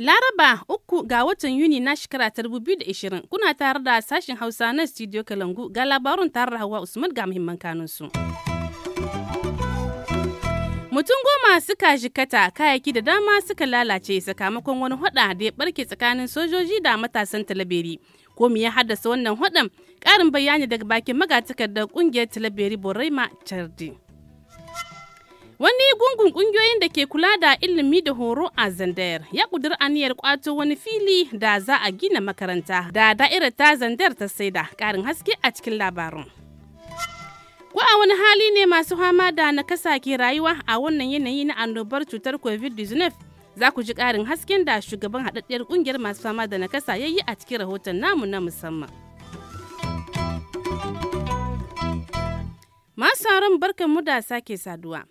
Laraba uku ga watan Yuni na shekara ta 2020 kuna tare da sashen Hausa na studio Kalangu ga labarun tare da Hawa Usman ga muhimman kanunsu. su. mutum goma suka jikata kayaki da dama suka lalace sakamakon wani hada da ya barke tsakanin sojoji da matasan talabiri ko me ya haddasa wannan hadan karin bayani daga bakin magatakardar kungiyar talabiri boraima chardi wani gungun kungiyoyin da ke kula da ilimi da horo a zandayar ya kudur aniyar kwato wani fili da za a gina makaranta da da'irar ta zandayar ta saida karin haske a cikin labarin Ko a wani hali ne masu fama da nakasa ke rayuwa a wannan yanayi na annobar cutar COVID-19? Za ku ji ƙarin hasken da shugaban haɗaɗɗiyar ƙungiyar masu fama da nakasa ya yi a cikin rahoton namu na musamman. Masu sauran barkan mu da sake saduwa.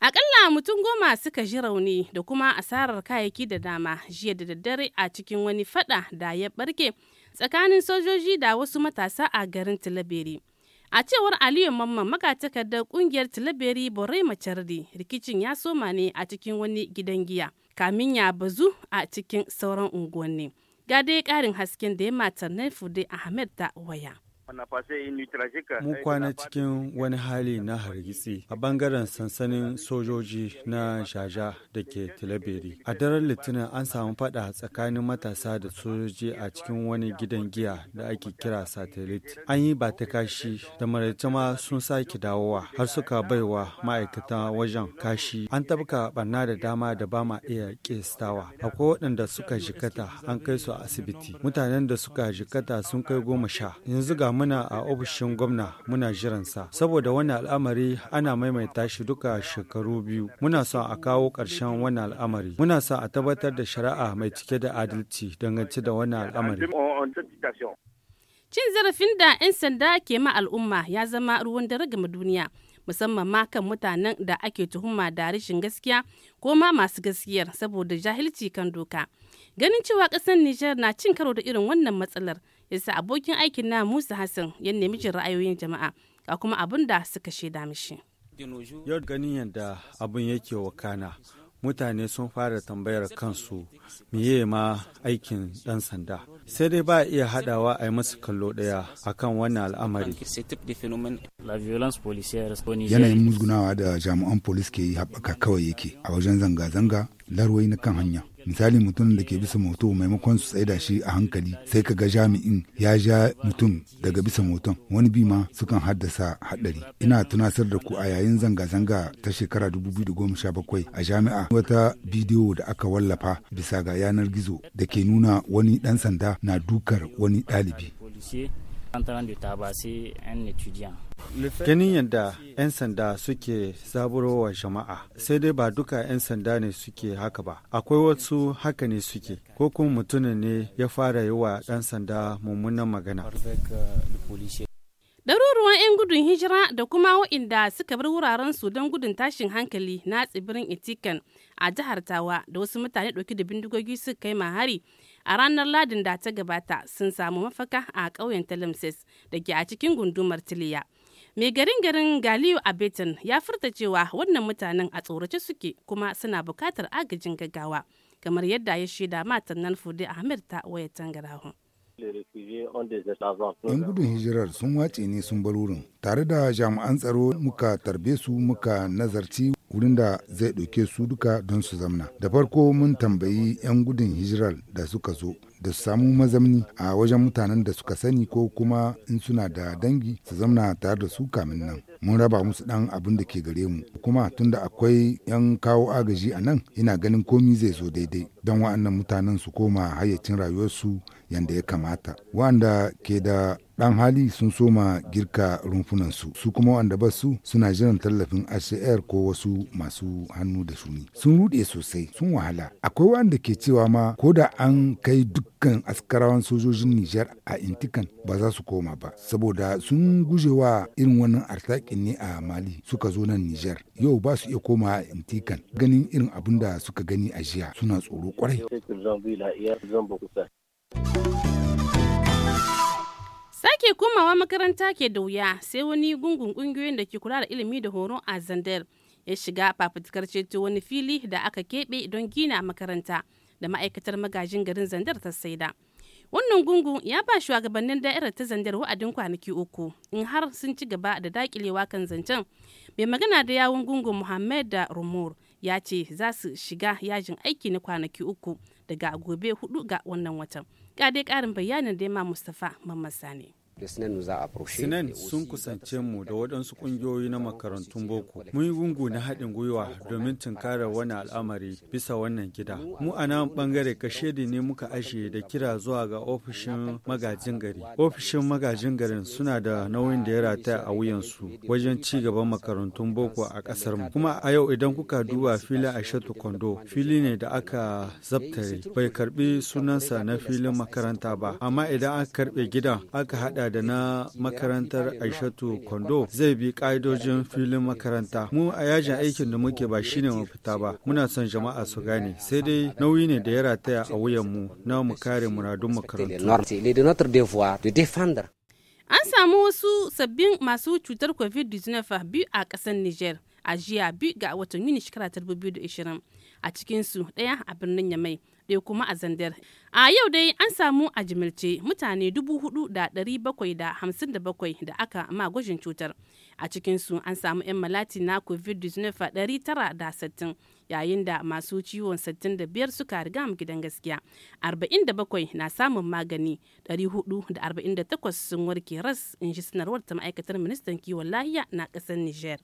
Akalla mutum goma suka ji rauni da kuma asarar kayayyaki da dama jiya da daddare a cikin wani fada da ya barke tsakanin sojoji da wasu matasa a garin tilabiri A cewar Aliyu Mamman magatakardar kungiyar Tilaberi Borai Macardi, rikicin ya soma ne a cikin wani gidan giya, kamin ya bazu a cikin sauran unguwanni. Ga dai ƙarin hasken da ya matar Naifude Ahmed ta waya. Mu euh, kwana cikin wani hali na hargitsi a bangaren sansanin sojoji na Jaja da ke Tilaberi. A daren Litinin an samu fada tsakanin matasa da sojoji a cikin wani gidan giya da ake kira satellite. An yi ba ta kashi da maraice ma sun sake dawowa har suka baiwa ma'aikata wajen kashi. An tabka barna da dama da ba ma iya kestawa. Akwai waɗanda suka jikata an kai su a asibiti. Mutanen da suka jikata sun kai goma sha. Yanzu ga muna a ofishin gwamna muna jiransa saboda wani al'amari ana maimaita shi duka shekaru biyu muna son a kawo ƙarshen wani al'amari muna son a tabbatar da shari'a mai cike da adalci dangance da wani al'amari cin zarafin da 'yan sanda ke ma al'umma ya zama ruwan dare duniya musamman ma kan mutanen da ake tuhuma da rashin gaskiya ko ma masu gaskiyar saboda jahilci kan doka ganin cewa ƙasar niger na cin karo da irin wannan matsalar yasa abokin aikin na musa hassan ya nemi jin ra'ayoyin jama'a ga kuma abin da suka shaida mishi yau ganin yadda abin yake wakana mutane sun fara tambayar kansu miye ma aikin ɗan sanda sai dai ba a iya haɗawa a yi masu kallo ɗaya akan wannan al'amari yanayin musgunawa da jami'an polis ke yi haɓaka kawai yake a wajen zanga-zanga larwai na kan hanya misali mutumin da ke bisa moto maimakon su tsaida shi a hankali sai ka ga jami'in ya ja mutum daga bisa moton wani bi ma sukan haddasa haɗari ina tunasar da ku a yayin zanga-zanga ta shekara 2017 a jami'a wata bidiyo da aka wallafa bisa ga yanar gizo da ke nuna wani ɗan sanda na dukar wani ɗalibi Ganin yadda 'yan sanda suke zaburowa jama'a sai dai ba duka 'yan sanda ne suke haka ba, akwai wasu haka ne suke, ko kuma mutumin ne ya fara yi wa yan sanda mummunan magana. Ɗaruruwan 'yan gudun hijira da kuma wa'inda suka bar wuraren su don gudun tashin hankali na tsibirin Itikan a jihar Tawa da wasu mutane ɗauki da bindigogi suka kai mahari hari a ranar ladin da ta gabata sun samu mafaka a ƙauyen talamsis da ke a cikin gundumar tiliya mai garin garin galiyu abetin ya furta cewa wannan mutanen a tsorace suke kuma suna buƙatar agajin gaggawa kamar yadda ya shaida matan nan fude ahmed ta wayar tangarahun 'Yan gudun hijirar sun wace ne sun bar wurin. Tare da jami'an tsaro muka tarbe su muka nazarci wurin da zai ɗauke su duka don su zamna. Da farko mun tambayi 'yan gudun hijiral da suka zo da su samu mazamni a wajen mutanen da suka sani ko kuma in suna da dangi su zamna tare da su kamin nan. Mun raba musu ɗan abin da ke gare mu kuma tunda akwai 'yan kawo agaji a nan ina ganin komi zai zo daidai don wa'annan mutanen su koma hayyacin rayuwarsu yadda ya kamata. waɗanda ke da dan hali sun soma girka rumfunansu su kuma wanda ba su suna jiran tallafin hcr ko wasu masu hannu da suni sun rude sosai sun wahala akwai wanda ke cewa ma ko da an kai dukkan askarawan sojojin nijar a intikan ba za su koma ba saboda sun guje wa irin wannan artakin ne a mali suka zo nan nijar yau ba su iya koma a intikan ganin irin abin da suka gani a jiya suna tsoro kwarai Sake komawa makaranta ke da wuya sai wani gungun kungiyoyin da ke kula da ilimi da horo a Zandar ya shiga fafutukar ceto wani fili da aka keɓe don gina makaranta da ma'aikatar magajin garin Zandar ta saida. Wannan gungu ya ba shugabannin da'irar ta Zandar wa'adin kwanaki uku in har sun ci gaba da dakilewa kan zancen. Mai magana da yawun gungun Muhammad da Rumur ya ce za su shiga yajin aiki na kwanaki uku daga gobe hudu ga wannan watan. Ga dai ƙarin bayanin da ya ma Mustapha Mamman Sani. Sinan sun kusance mu da waɗansu ƙungiyoyi na makarantun boko. Mun yi gungu na haɗin gwiwa domin tunkarar wani al'amari bisa wannan gida. Mu a nan ɓangare kashedi ne muka ashe da kira zuwa ga ofishin magajin gari. Ofishin magajin garin suna da nauyin da ya rata a wuyansu wajen ci gaban makarantun boko a ƙasar mu. Kuma a yau idan kuka duba filin shatu Kondo fili ne da aka zabtare bai karbi sunansa na filin makaranta ba amma idan aka karbe gidan aka haɗa da na makarantar aishatu kondo zai bi ƙa'idojin filin makaranta mu a yajin aikin da muke ba shine mu fita ba muna son jama'a su gane sai dai nauyi ne da ya rataya a wuyan mu na mu kare muradun makarantu an samu wasu sabbin masu cutar covid-19 biyu a ƙasar niger a jiya biyu ga watan yuni shekara 2020 a cikinsu ɗaya a birnin yamai ɗaya kuma a zandar a yau dai an samu a jimilce mutane dubu hudu da ɗari bakwai da hamsin da bakwai da aka ma gwajin cutar a cikinsu an samu 'yan malati na covid-19 ɗari tara da yayin da masu ciwon sittin da biyar suka riga mu gidan gaskiya arba'in da bakwai na samun magani ɗari hudu da arba'in da takwas sun warke ras in ji sanarwar ta ma'aikatar ministan kiwon lahiya na ƙasar niger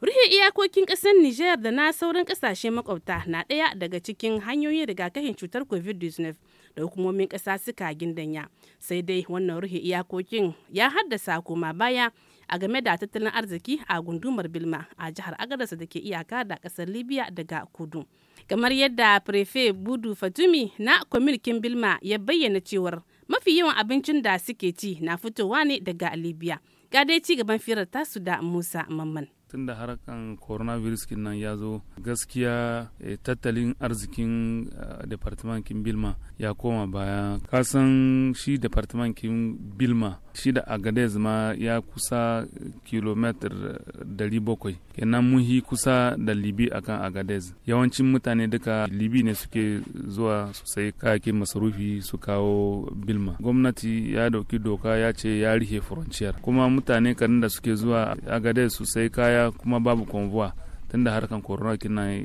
rufe iyakokin ƙasar niger da na sauran ƙasashe makwabta na ɗaya daga cikin hanyoyin rigakafin cutar covid-19 da hukumomin ƙasa suka gindanya sai dai wannan rufe iyakokin ya haddasa koma baya a game da tattalin arziki a gundumar bilma a jihar agadarsa da ke iyaka da ƙasar libya daga kudu kamar yadda prefe budu fatumi na kwamilkin bilma ya bayyana cewar mafi yawan abincin da suke ci na fitowa ne daga libya ga dai ci gaban firar tasu da musa mamman tunda harkan coronavirus kin nan ya zo gaskiya eh, tattalin arzikin eh, departamentin bilma ya koma baya kasan shi departamentin bilma shi da agadez ma ya kusa kilometer 700 kenan muhi kusa da libi akan agadez yawancin mutane duka libi ne suke zuwa su sayi kayakin masarufi su kawo bilma gwamnati ya dauki doka ya ce ya rihe furanciyar kuma mutane kanin da suke zuwa agadez su sai kaya kuma babu konvoi tunda harkan corona kina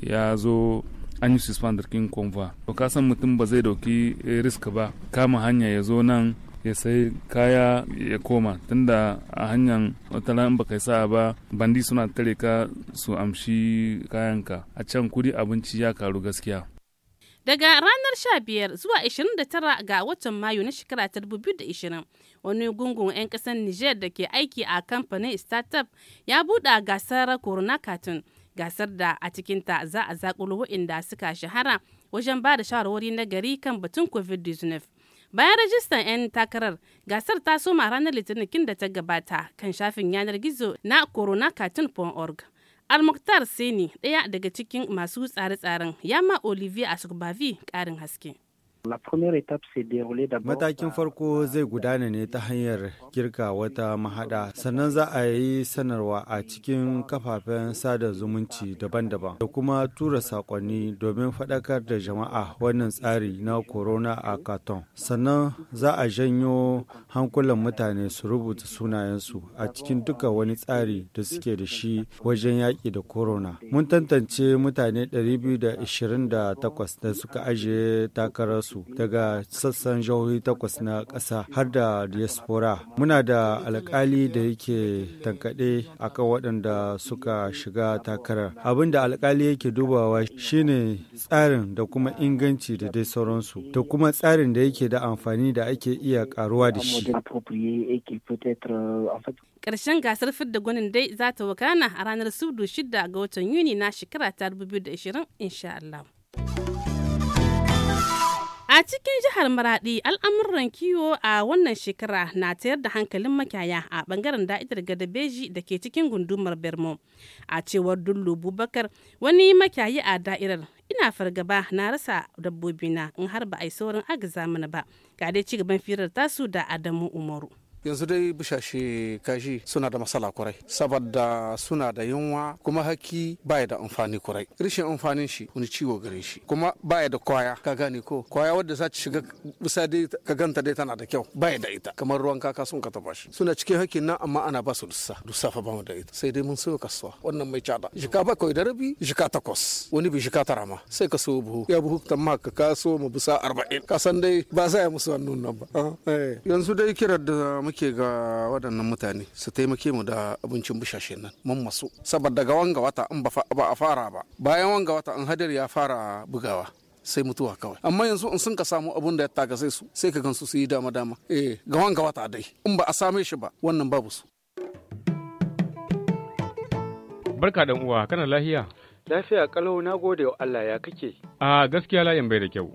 ya zo an yi suspender kin konva to ka san mutum ba zai dauki eh, risk ba kama hanya ya zo nan ya sai kaya ya koma tunda a hanyar wata ba kai sa'a ba bandi suna tare ka su amshi kayanka a can kudi abinci ya karu gaskiya daga ranar 15 zuwa 29 ga watan mayu na shekara 2020 wani gungun 'yan kasar niger da ke aiki a kamfanin startup ya buɗa gasar corona cartoon gasar da a cikinta za a zaƙulu inda suka shahara wajen ba da shawarwari na gari kan batun covid-19 bayan rajistan 'yan takarar gasar ta soma ranar litinin da ta gabata kan shafin yanar gizo na coronacartoon.org almuktar seni ɗaya daga cikin masu tsare-tsaren ya yama olivier asugbavi ƙarin haske Matakin farko zai gudana ne ta hanyar girka wata mahada sannan za a yi sanarwa a cikin kafafen sada zumunci daban-daban da kuma tura saƙonni domin faɗakar da jama'a wannan tsari na corona a katon. Sannan za a janyo hankulan mutane su rubuta sunayensu a cikin duka wani tsari da suke da shi wajen yaƙi da corona. Mun tantance mutane 228 da suka ajiye takarar su daga sassan jihohi takwas na ƙasa har da diaspora. Muna da alkali da yake tankaɗe akan waɗanda suka shiga takarar. Abin da alkali yake dubawa shine tsarin da kuma inganci da dai sauransu, da kuma tsarin da yake da amfani da ake iya karuwa da shi. Ƙarshen gasar fidda gwanin dai za ta wakana a ranar Sudu 6 ga watan Yuni na shekara ta 2020 insha Allah. A cikin jihar Maradi al'amuran kiwo a wannan shekara na tayar da hankalin makiyaya a bangaren da'idar Gadabeji da ke cikin gundumar Bermo. A cewar Dullu Bubakar wani makiyayi a da'irar ina fargaba na rasa dabbobina in har ba a yi saurin agaza mana ba. Ga dai gaban firar tasu da Adamu Umaru. yanzu dai bushashe kashi suna da masala kurai saboda suna da yunwa kuma haki baya da amfani kurai rishin amfanin shi wani ciwo gare shi kuma baya da kwaya ka gane ko kwaya wadda za ta shiga bisa dai ka ganta dai tana da kyau baya da ita kamar ruwan kaka sun ka taba shi suna cikin hakin nan amma ana ba su dussa dussa fa ba mu da ita sai dai mun sayo kasuwa wannan mai cada jika bakwai da rabi jika takwas wani bi jika tara ma sai ka so buhu ya buhu ta ma ka kaso mu bisa arba'in kasan dai ba za ya musu wannan nan ba ah, eh. yanzu dai kira da muke ga waɗannan mutane su taimake mu da abincin bushashe nan mun masu saboda ga wanga wata in ba a fara ba bayan wanga wata in hadari ya fara bugawa sai mutuwa kawai amma yanzu in sun ka samu abun da ya taka sai su sai ka gansu su yi dama dama eh ga wanga wata dai in ba a same shi ba wannan babu su barka dan uwa kana lafiya lafiya kalau na gode wa Allah ya kake a gaskiya layin bai da kyau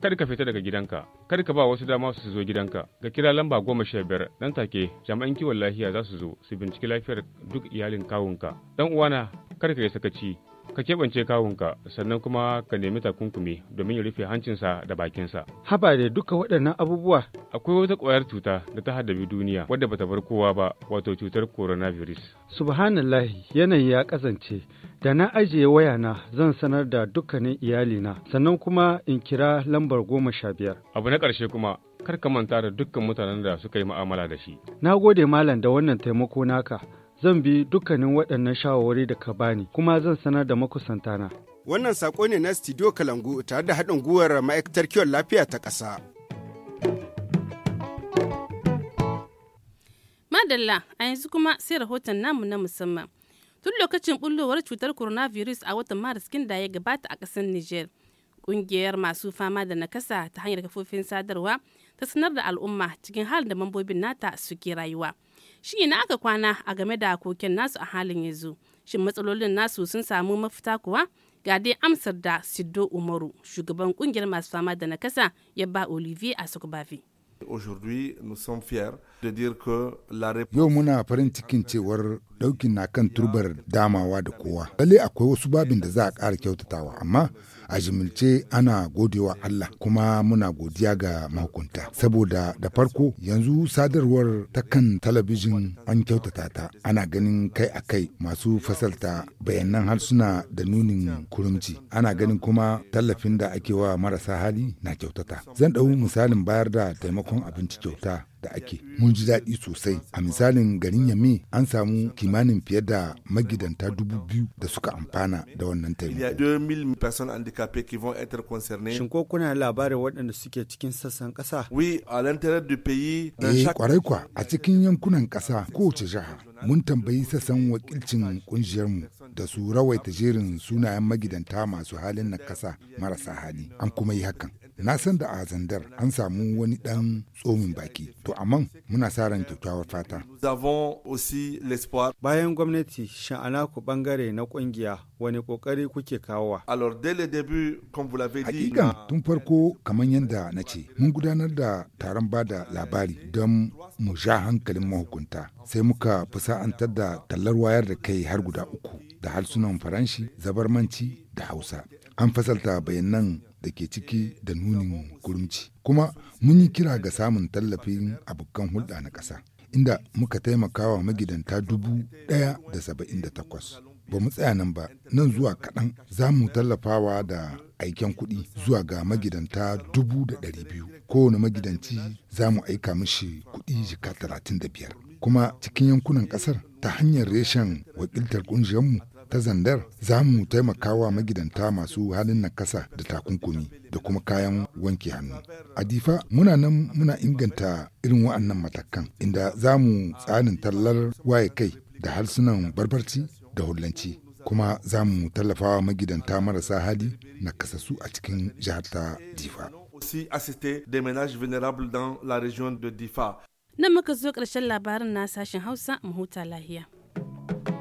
kada ka fita daga gidanka kada ka ba wasu dama su zo gidanka ga kira lamba goma sha biyar nan take jami'an kiwon lafiya za su zo su binciki lafiyar duk iyalin kawunka dan uwana kada ka yi sakaci ka keɓance kawunka sannan kuma ka nemi takunkumi domin ya rufe hancinsa da bakinsa. Haba da duka waɗannan abubuwa. Akwai wata ƙwayar cuta da ta haddabi duniya wadda bata bar kowa ba wato cutar coronavirus. Subhanallah, yanayi ya kasance Da na ajiye wayana zan sanar da dukkanin iyalina sannan kuma in kira lambar goma sha biyar. Abu na ƙarshe kuma kar ka manta da dukkan mutanen da suka yi mu'amala da shi. Na gode malam da wannan taimako naka. Zan bi dukkanin waɗannan shawarwari da ka bani kuma zan sanar da na. Wannan saƙo ne na Studio Kalangu tare da haɗin gwiwar ma'aikatar kiwon lafiya ta ƙasa. Madalla a yanzu kuma sai rahoton namu na musamman. tun lokacin bullowar cutar coronavirus a watan maris kin da ya gabata a kasar niger ƙungiyar masu fama da nakasa ta hanyar kafofin sadarwa ta sanar da al'umma cikin halin da mambobin nata suke rayuwa shi na aka kwana a game da koken nasu a halin yanzu shin matsalolin nasu sun samu mafita kuwa ga dai amsar da siddo umaru shugaban kungiyar masu fama da nakasa ya ba olivier a Yau muna farin cikin cewar ɗaukin na kan turbar damawa da kowa. Lalle akwai wasu babin da za a ƙara kyautatawa, amma a jimilce ana godewa Allah kuma muna godiya ga mahukunta. Saboda da farko yanzu sadarwar ta kan talabijin an kyautata ta, ana ganin kai a kai masu fasalta bayanan harsuna da nunin kurumci. Ana ganin kuma tallafin da ake wa marasa hali na kyautata. Zan ɗau misalin bayar da taimakon abinci kyauta da ake mun ji daɗi sosai a misalin garin yami an samu kimanin fiye da magidanta dubu biyu da suka amfana da wannan taimako shin labarin waɗanda suke cikin sassan ƙasa eh kwarai kwa a cikin yankunan ƙasa kowace jiha mun tambayi sassan wakilcin kungiyarmu da su rawaita jerin sunayen magidanta masu halin na ƙasa marasa hali an kuma yi hakan na san da a zandar an samu wani dan tsomin baki to amma muna sa ran kyakkyawar fata bayan gwamnati sha'ana ku bangare na kungiya wani kokari kuke kawo kawowa hakikan tun farko kamar yadda na ce mun gudanar da taron bada labari don mu sha hankalin mahukunta sai muka fusa'antar da tallar wayar da kai har guda uku da harsunan faranshi zabarmanci da hausa an fasalta bayanan da ke ciki da nunin kurumci. Kuma mun yi kira ga samun tallafin abokan hulɗa na ƙasa, inda muka taimakawa magidanta dubu ɗaya da saba'in da takwas. Ba mu tsaya nan ba, nan zuwa kaɗan za mu tallafawa da aiken kuɗi zuwa ga magidanta dubu da ɗari biyu. Kowane magidanci za mu aika mishi kuɗi jika talatin da biyar. Kuma cikin yankunan ƙasar ta hanyar reshen wakiltar ƙungiyarmu ta zandar za mu taimaka wa magidanta masu halin nakasa da takunkumi da kuma kayan wanke hannu. A difa muna nan muna inganta irin wa'annan matakan inda za mu tsarin tallar waye kai da harsunan barbarci da hullanci kuma za mu tallafa wa magidanta marasa hali nakasassu a cikin jihar ta difa. la de Difa. Nan muka zo ƙarshen labarin na sashen Hausa mu huta lahiya.